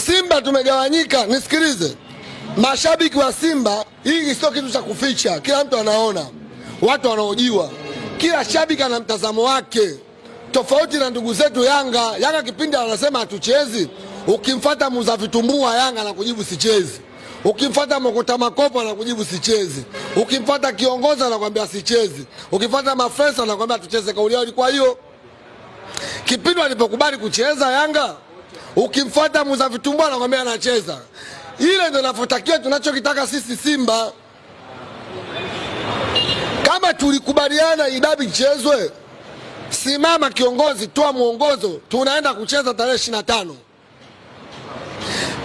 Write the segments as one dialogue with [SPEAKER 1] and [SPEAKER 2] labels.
[SPEAKER 1] Simba tumegawanyika, nisikilize. Mashabiki wa Simba, hii sio kitu cha kuficha, kila mtu anaona, watu wanaojua, kila shabiki ana mtazamo wake tofauti na ndugu zetu Yanga. Yanga kipindi anasema hatuchezi, ukimfata muza vitumbua Yanga na kujibu sichezi, ukimfata mokota makopo na kujibu sichezi, ukimfata kiongozi anakwambia sichezi, ukimfata mafresa anakwambia tucheze. Kauli yao ilikuwa hiyo kipindi walipokubali kucheza Yanga Ukimfuata muza vitumbua anakwambia anacheza. Ile ndio navotakiwa, tunachokitaka sisi Simba. Kama tulikubaliana idabi chezwe, simama kiongozi, toa mwongozo, tunaenda kucheza tarehe 25.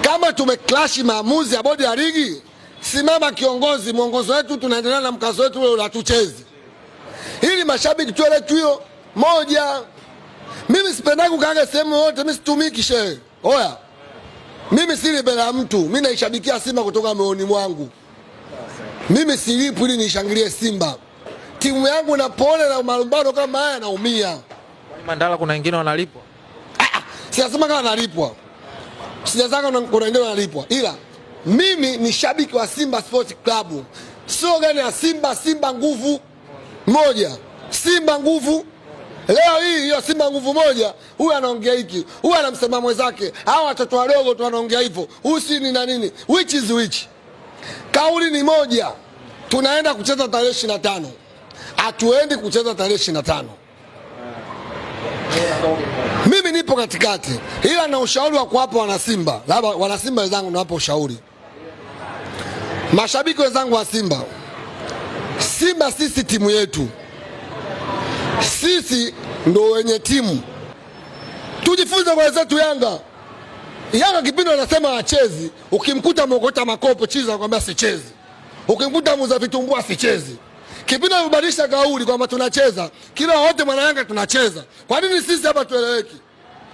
[SPEAKER 1] Kama tumeklashi maamuzi ya bodi ya ligi, simama kiongozi, mwongozo wetu, tunaendelea na mkazo wetu ule, unatuchezi ili mashabiki tuelewe hiyo moja. Mimi sipendagi kukaaga sehemu yote, mimi situmiki shehe. Oya, mimi sili mbele mtu, mimi naishabikia Simba kutoka moyoni mwangu. Mimi silipi ili nishangilie Simba. Timu yangu na pole na malumbano kama haya naumia.
[SPEAKER 2] Mandala, kuna wengine wanalipwa?
[SPEAKER 1] Ah, ah sijasema kama wanalipwa, sijasema kuna wengine wanalipwa, ila mimi ni shabiki wa Simba Sports Club, sio gani ya Simba. Simba nguvu moja, Simba nguvu Leo hii hiyo Simba nguvu moja, huyu anaongea hiki, huyu anamsema mwenzake, hawa watoto wadogo tu wanaongea hivyo, huyu si ni na nini, which is which. Kauli ni moja, tunaenda kucheza tarehe ishirini na tano hatuendi kucheza tarehe ishirini na tano Mimi nipo katikati, ila na ushauri wa kuwapa wanasimba, labda wanasimba wenzangu, nawapa ushauri mashabiki wenzangu wa Simba. Simba sisi timu yetu sisi ndo wenye timu, tujifunze kwa wenzetu Yanga. Yanga kipindi anasema achezi, ukimkuta mokota makopo chizi anakwambia sichezi, ukimkuta muza vitumbua sichezi. Kipindi anabadilisha kauli kwamba tunacheza kila wote, mwana Yanga tunacheza. Kwa nini sisi hapa tueleweki?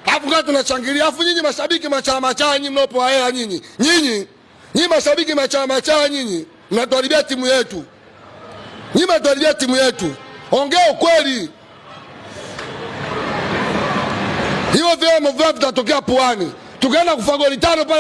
[SPEAKER 1] Alafu kama tunashangilia, alafu nyinyi mashabiki machama chama nyinyi mnaopoa hela nyinyi, nyinyi nyinyi mashabiki machama chama nyinyi mnatuharibia timu yetu, nyinyi mnatuharibia timu yetu ongea Ukweli, hivyo vyama vyao vitatokea puani, tukaenda kufa goli tano pale.